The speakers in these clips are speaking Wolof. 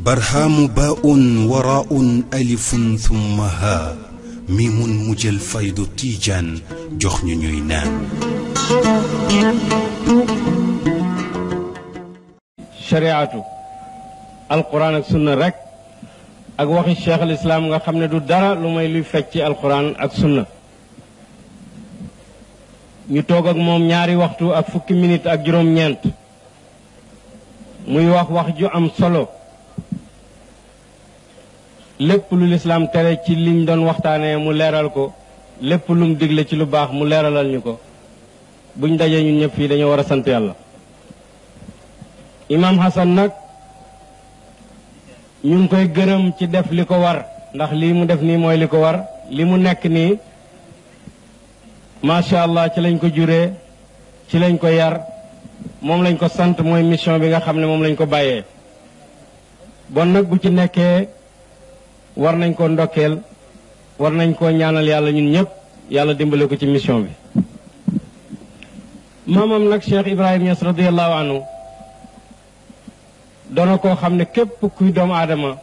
barhaamu baa'un waraa'un alifun thumma haa miimun mujjal faydu tiijaan jox ñu ñuy naan. shari'atu alquran ak sunna rek ak waxi cheikh al islam nga xam ne du dara lu may luy fecc alquran ak sunna. ñu toog ak moom ñaari waxtu ak fukki minit ak juróom-ñeent muy wax wax ju am solo lépp lu lislaam tere ci liñ doon waxtaanee mu leeral ko lépp lum digle ci lu baax mu leeralal ñu ko buñ dajee ñu ñëpp fii dañoo war a sant yàlla imaam Hassan nag ñu ngi koy gërëm ci def li ko war ndax lii mu def nii mooy li ko war li mu nekk nii Masya allah ci lañ ko juré ci lañ ko yar mom lañ ko sant moy mission bi nga xamné mom lañ ko bayé bon nak bu ci nekké war nañ ko ndokkeel war nañ ko ñaanal yalla ñun ñëpp yalla dimbalé ko ci mission bi mamam nak cheikh ibrahim yass radiallahu anhu doona koo xam ne képp kuy doom adama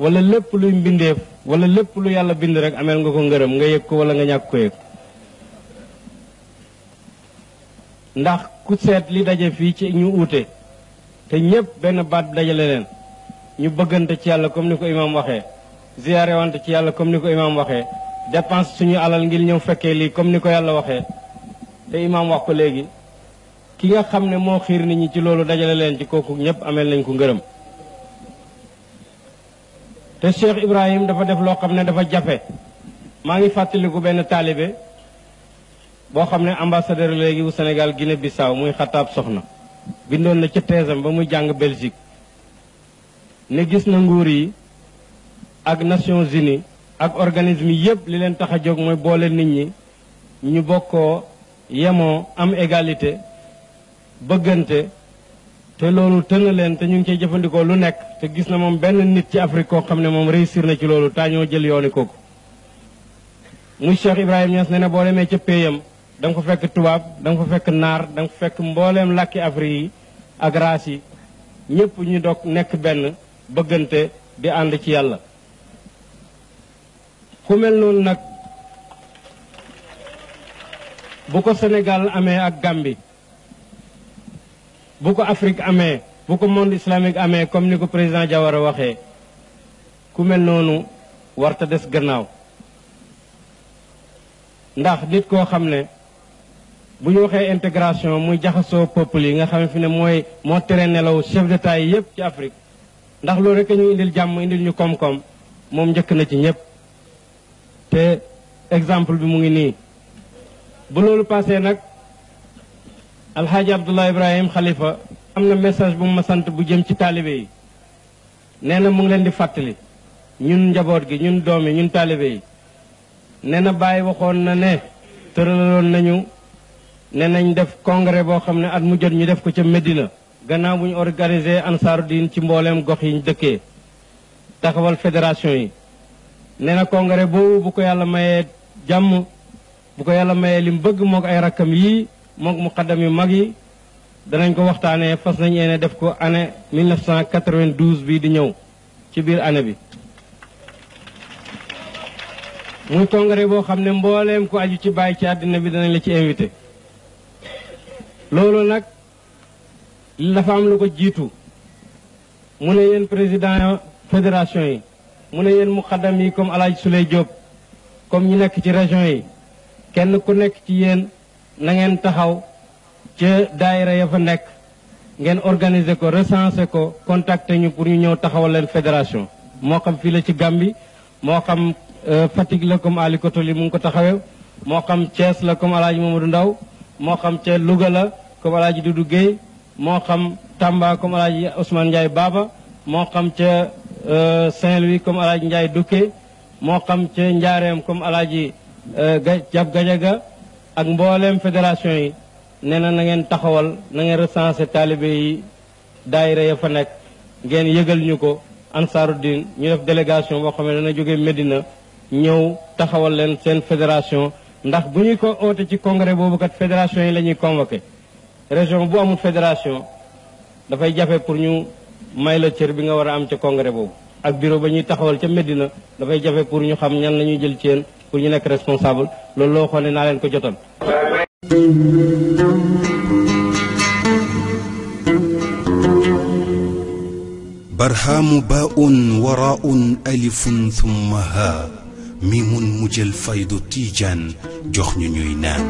wala lepp luy mbindef wala lepp lu yalla bind rek amel nga ko ngeureum nga wala nga ko ndax ku seet li daje fii ci ñu uute te ñépp benn baat dajale leen ñu bëggante ci yàlla comme ni ko imaam waxee ziyaare wante ci yàlla comme ni ko imaam waxee dépense suñu alal ngir ñëw fekkee lii comme ni ko yàlla waxe te imaam wax ko léegi ki nga xam ne moo xiir nit ñi ci loolu dajale leen ci kooku ñépp ameel nañ ko ngërëm te Cheikh Ibrahim dafa def loo xam ne dafa jafe maa ngi fàttaliku benn taalibe boo xam ne ambassadeur léegi wu Sénégal Guinée Bissau muy xataab soxna bindoon na ca teesam ba muy jàng Belgique ne gis na nguur yi ak Nations Unies ak organisme yépp li leen tax a jóg mooy boole nit ñi ñu bokkoo yemoo am égalité bëggante te loolu tënn leen te ñu ngi cey jëfandikoo lu nekk te gis na moom benn nit ci Afrique koo xam ne moom réussir na ci loolu taañoo jël yooni kooku muy Cheikh Ibrahima Niass ne na boo demee ca péeyam danga nga ko fekk tubaab danga nga ko fekk naar da nga ko fekk mbooleem làkki Afrique yi ak raas yi ñëpp ñu dog nekk benn bëggante di ànd ci yàlla ku mel noonu nag bu ko senegal amee ak gàmbi bu ko Afrique amee bu ko monde islamique amee comme ni ko président Jawara waxee ku mel noonu warta des gannaaw ndax nit koo xam ne bu ñu waxee intégration muy jaxasoo peuple yi nga xam ne fi ne mooy moo tere nelaw chef d'état yi yëpp ci Afrique ndax loolu rek ñu indil jàmm indil ñu koom-koom moom njëkk na ci ñëpp te exemple bi mu ngi nii bu loolu passé nag alxaaji abdullah ibrahim xalifa am na message bu ma sant bu jëm ci taalibe yi nee na mu ngi leen di fàttali ñun njaboot gi ñun doom yi ñun taalibe yi nee na bàyyi waxoon na ne tëraloon nañu ne nañ def congrès boo xam ne at mu jot ñu def ko ca Medina gannaaw bu ñu organisé ansaaru diin ci mbooleem gox yi ñu dëkkee taxawal fédération yi nee na congrès boobu bu ko yàlla mayee jàmm bu ko yàlla mayee li mu bëgg moog ay rakkam yii mu xaddam yu mag yi danañ ko waxtaanee fas nañ ne def ko année 1992 bii di ñëw ci biir année bi muy congrès boo xam ne mbooleem ko aju ci bàyyi ci àddina bi danañ la ci invité loolu nag dafa am lu ko jiitu mu ne yéen président fédération yi mu ne yéen muqaddam yi comme alaaj Souley Diop comme ñu nekk ci région yi kenn ku nekk ci yéen na ngeen taxaw ca daayira ya fa nekk ngeen organiser ko recenser ko contacter ñu pour ñu ñëw taxawal leen fédération moo xam fii la ci Gambie moo xam euh, Fatick la comme Ali Kotoli mu ngi ko taxawee moo xam Thiès la comme moom Hadj Mamadou Ndaw moo xam ca Louga la comme alaaji Dudu Guèye moo xam Tamba comme alaaji Ousmane Ndiaye baaba moo xam ca euh, Saint-Louis comme alaaji Ndiaye Dukke moo xam ca Njaareem comme alaaji euh, Jab Gajaga ak mbooleem fédération yi nee na na ngeen taxawal na ngeen recensé taalibe yi daayira ya fa nekk ngeen yëgal ñu ko Ansaarudin ñu def délégation boo xam ne dana jóge Medina ñëw taxawal leen seen fédération ndax bu ñu ko oote ci congrès boobu kat fédération yi la ñuy convoqué région bu amul fédération dafay jafe pour ñu may la cër bi nga war a am ca congrès boobu ak bureau ba ñuy taxawal ca Medina dafay jafe pour ñu xam ñan la ñuy jël ci pour ñu nekk responsable loolu loo xoolee naa leen ko jotal. barhamu baun waraun alifun thumma ha mi mun mujjal faydu tijaan jox ñu ñuy naan